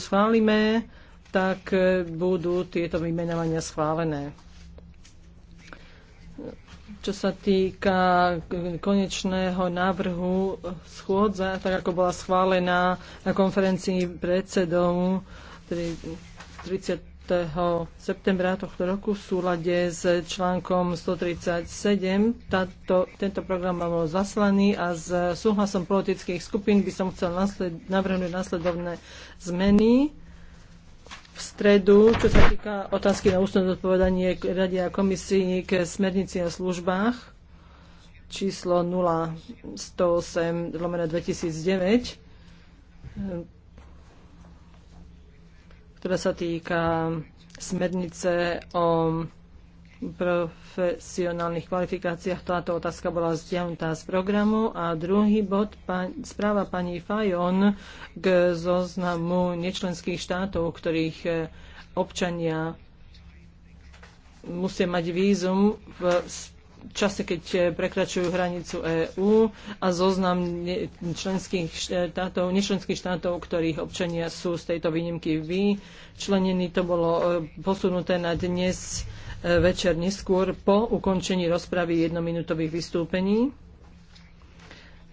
schválime, tak budú tieto vymenovania schválené. Čo sa týka konečného návrhu schôdza, tak ako bola schválená na konferencii predsedov 30 septembra tohto roku v súlade s článkom 137. Tato, tento program bol zaslaný a s súhlasom politických skupín by som chcel nasled, navrhnúť následovné zmeny v stredu, čo sa týka otázky na ústne zodpovedanie Rade a komisii k smernici o službách číslo 0108 2009 ktorá sa týka smernice o profesionálnych kvalifikáciách. Táto otázka bola stiahnutá z programu. A druhý bod, pa, správa pani Fajon k zoznamu nečlenských štátov, ktorých e, občania musia mať vízum v čase, keď eh, prekračujú hranicu EÚ a zoznam členských štátov, nečlenských štátov, ktorých občania sú z tejto výnimky vyčlenení. To bolo eh, posunuté na dnes eh, večer neskôr po ukončení rozpravy jednominútových vystúpení.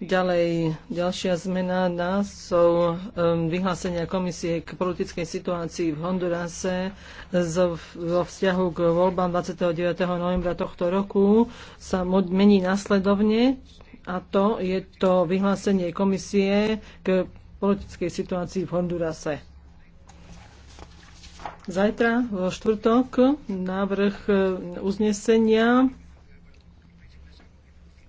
Ďalej, ďalšia zmena sú um, vyhlásenia komisie k politickej situácii v Hondurase vo vzťahu k voľbám 29. novembra tohto roku sa mení následovne a to je to vyhlásenie komisie k politickej situácii v Hondurase. Zajtra vo štvrtok návrh um, uznesenia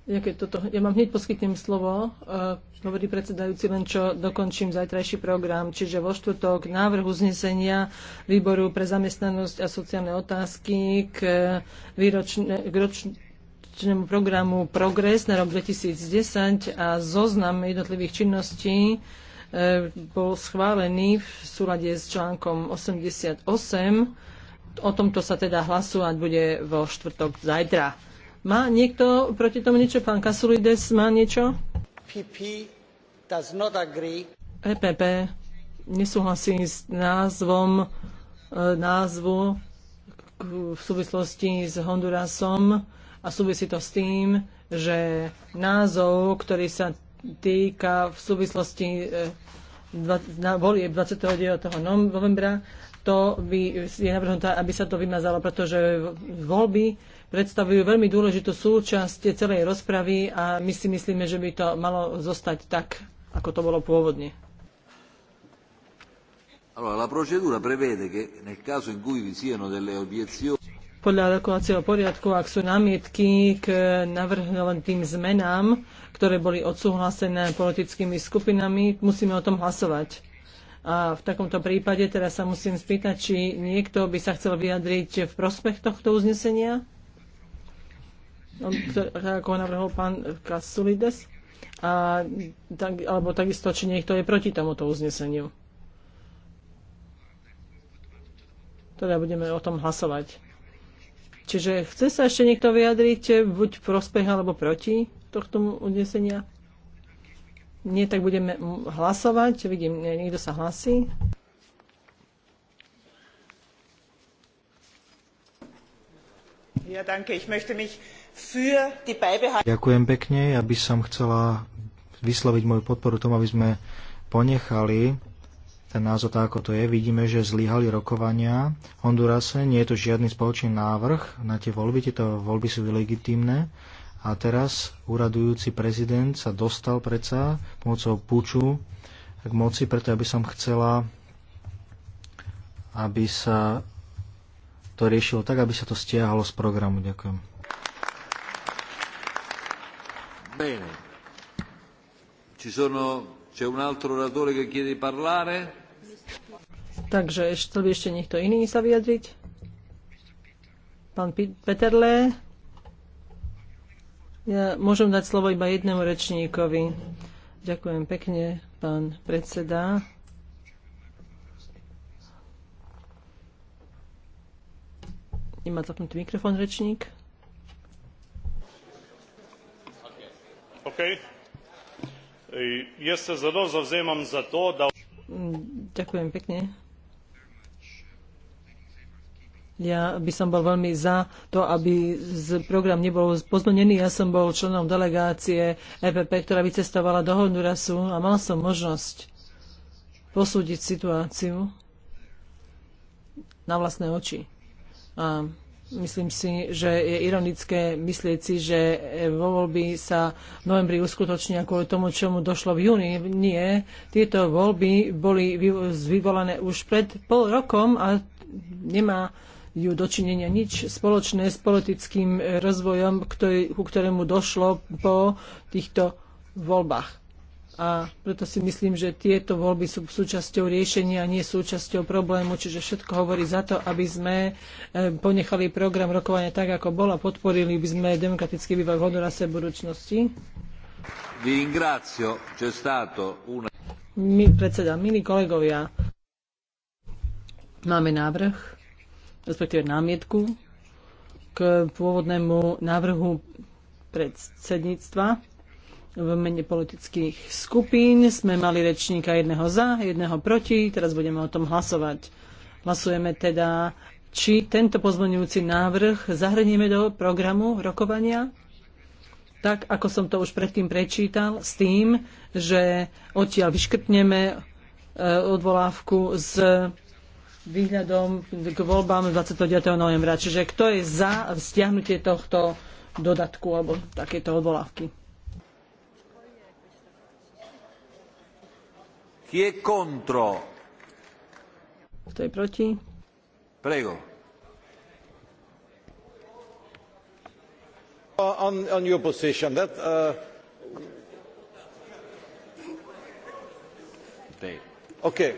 ja, toto, ja vám hneď poskytnem slovo, uh, hovorí predsedajúci, len čo dokončím zajtrajší program, čiže vo štvrtok návrh uznesenia výboru pre zamestnanosť a sociálne otázky k, e, výročne, k ročnému programu Progres na rok 2010 a zoznam jednotlivých činností uh, bol schválený v súlade s článkom 88. O tomto sa teda hlasovať bude vo štvrtok zajtra. Má niekto proti tomu niečo? Pán Kasulides má niečo? PP does not agree. EPP nesúhlasí s názvom e, názvu v súvislosti s Hondurasom a súvisí to s tým, že názov, ktorý sa týka v súvislosti e, volie 29. novembra, to by je navrhnuté, aby sa to vymazalo, pretože voľby predstavujú veľmi dôležitú súčasť celej rozpravy a my si myslíme, že by to malo zostať tak, ako to bolo pôvodne. Podľa rokovacieho poriadku, ak sú námietky k navrhnutým zmenám, ktoré boli odsúhlasené politickými skupinami, musíme o tom hlasovať. A v takomto prípade teraz sa musím spýtať, či niekto by sa chcel vyjadriť v prospech tohto uznesenia? No, ako navrhol pán Kasulides, a tak, alebo takisto, či niekto je proti tomuto uzneseniu. Teda budeme o tom hlasovať. Čiže chce sa ešte niekto vyjadriť buď v prospech alebo proti tohto uznesenia? Nie, tak budeme hlasovať. Vidím, niekto sa hlasí. Ja, danke. Ich möchte mich Ďakujem pekne. Ja by som chcela vysloviť moju podporu tomu, aby sme ponechali ten názor tak, ako to je. Vidíme, že zlyhali rokovania v Hondurase. Nie je to žiadny spoločný návrh na tie voľby. Tieto voľby sú legitímne. A teraz úradujúci prezident sa dostal predsa pomocou puču k moci, preto ja by som chcela, aby sa to riešilo tak, aby sa to stiahalo z programu. Ďakujem. Takže chcel by ešte niekto iný sa vyjadriť? Pán Peterle? Ja môžem dať slovo iba jednému rečníkovi. Ďakujem pekne, pán predseda. Nemá zapnutý mikrofón rečník. zelo zavzemam za to, da... Mm, ďakujem pekne. Ja by som bol veľmi za to, aby program nebol pozmenený. Ja som bol členom delegácie EPP, ktorá vycestovala do Hondurasu a mal som možnosť posúdiť situáciu na vlastné oči. A Myslím si, že je ironické myslieť si, že e, vo voľby sa v novembri uskutočnia kvôli tomu, čomu došlo v júni. Nie, tieto voľby boli vyvolané už pred pol rokom a nemá ju dočinenia nič spoločné s politickým e, rozvojom, ku ktorému došlo po týchto voľbách a preto si myslím, že tieto voľby sú súčasťou riešenia, a nie súčasťou problému, čiže všetko hovorí za to, aby sme eh, ponechali program rokovania tak, ako bol a podporili by sme demokratický vývoj v hodorase budúcnosti. My, predseda, milí kolegovia, máme návrh, respektíve námietku k pôvodnému návrhu predsedníctva v mene politických skupín. Sme mali rečníka jedného za, jedného proti. Teraz budeme o tom hlasovať. Hlasujeme teda, či tento pozmeňujúci návrh zahrnieme do programu rokovania, tak ako som to už predtým prečítal, s tým, že odtiaľ vyškrtneme e, odvolávku s výhľadom k voľbám 29. novembra. Čiže kto je za stiahnutie tohto dodatku alebo takéto odvolávky? Chi è contro? Kto je proti? Prego. Uh, on, on your position, that, uh... Ok.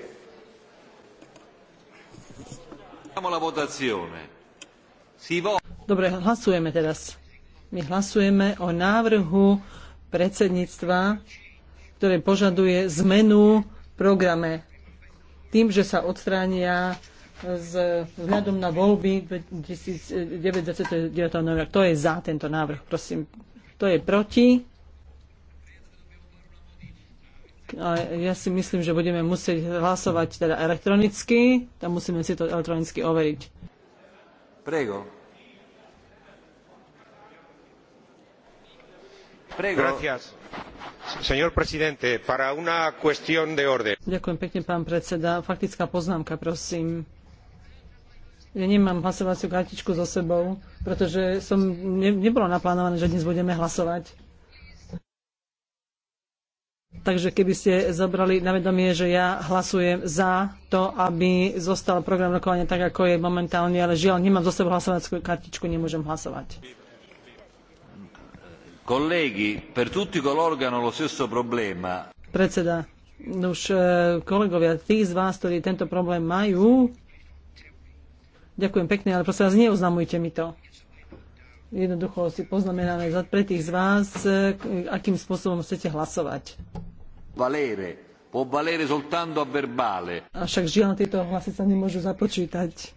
Dobre, hlasujeme teraz. My hlasujeme o návrhu predsedníctva, ktoré požaduje zmenu programe tým, že sa odstránia s hľadom na voľby 2029. novembra. to je za tento návrh, prosím? To je proti? A ja si myslím, že budeme musieť hlasovať teda elektronicky. Tam musíme si to elektronicky overiť. Prego. Prego. Gracias. Ďakujem pekne, pán predseda. Faktická poznámka, prosím. Ja nemám hlasovaciu kartičku so sebou, pretože som, ne, nebolo naplánované, že dnes budeme hlasovať. Takže keby ste zobrali na vedomie, že ja hlasujem za to, aby zostal program rokovania tak, ako je momentálne, ale žiaľ, nemám zo sebou hlasovaciu kartičku, nemôžem hlasovať. Predseda, už eh, kolegovia, tí z vás, ktorí tento problém majú, ďakujem pekne, ale prosím vás, neoznamujte mi to. Jednoducho si poznamenáme pre tých z vás, eh, akým spôsobom chcete hlasovať. Valere. Può valere soltanto a verbale. Avšak žiaľ, tieto hlasy sa nemôžu započítať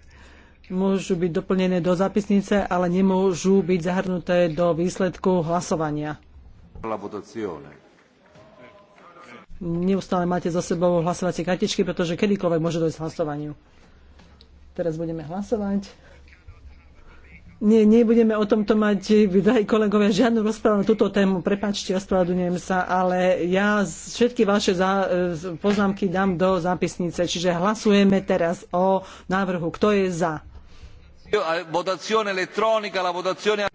môžu byť doplnené do zápisnice, ale nemôžu byť zahrnuté do výsledku hlasovania. Neustále máte za sebou hlasovacie kartičky, pretože kedykoľvek môže dojsť hlasovaniu. Teraz budeme hlasovať. Nie, nebudeme o tomto mať, drahí kolegovia, žiadnu rozprávu na túto tému. Prepačte, ospravedlňujem sa, ale ja všetky vaše e, poznámky dám do zápisnice. Čiže hlasujeme teraz o návrhu. Kto je za? Eh,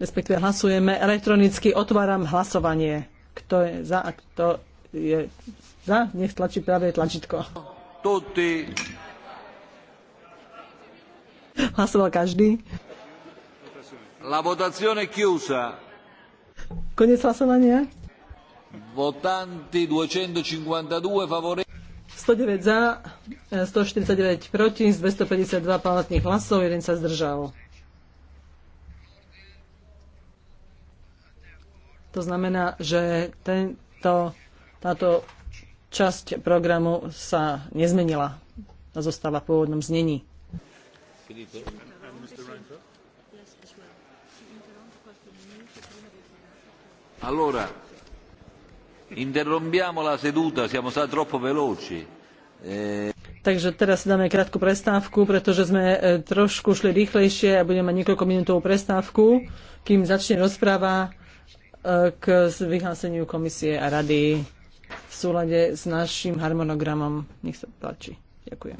Respektíve hlasujeme elektronicky, otváram hlasovanie. Kto je za a kto je za, nech tlačí práve tlačítko. Hlasoval každý. La votazione chiusa. Konec hlasovania. Votanti 252 favorevoli. 109 za, 149 proti, z 252 palatných hlasov, jeden sa zdržal. To znamená, že tento, táto časť programu sa nezmenila a zostáva v pôvodnom znení. Allora, interrompiamo la seduta, siamo stati troppo veloci. Eh... Takže teraz si dáme krátku prestávku, pretože sme e, trošku šli rýchlejšie a budeme mať niekoľko minútovú prestávku, kým začne rozpráva e, k vyhláseniu komisie a rady v súlade s našim harmonogramom. Nech sa páči. Ďakujem.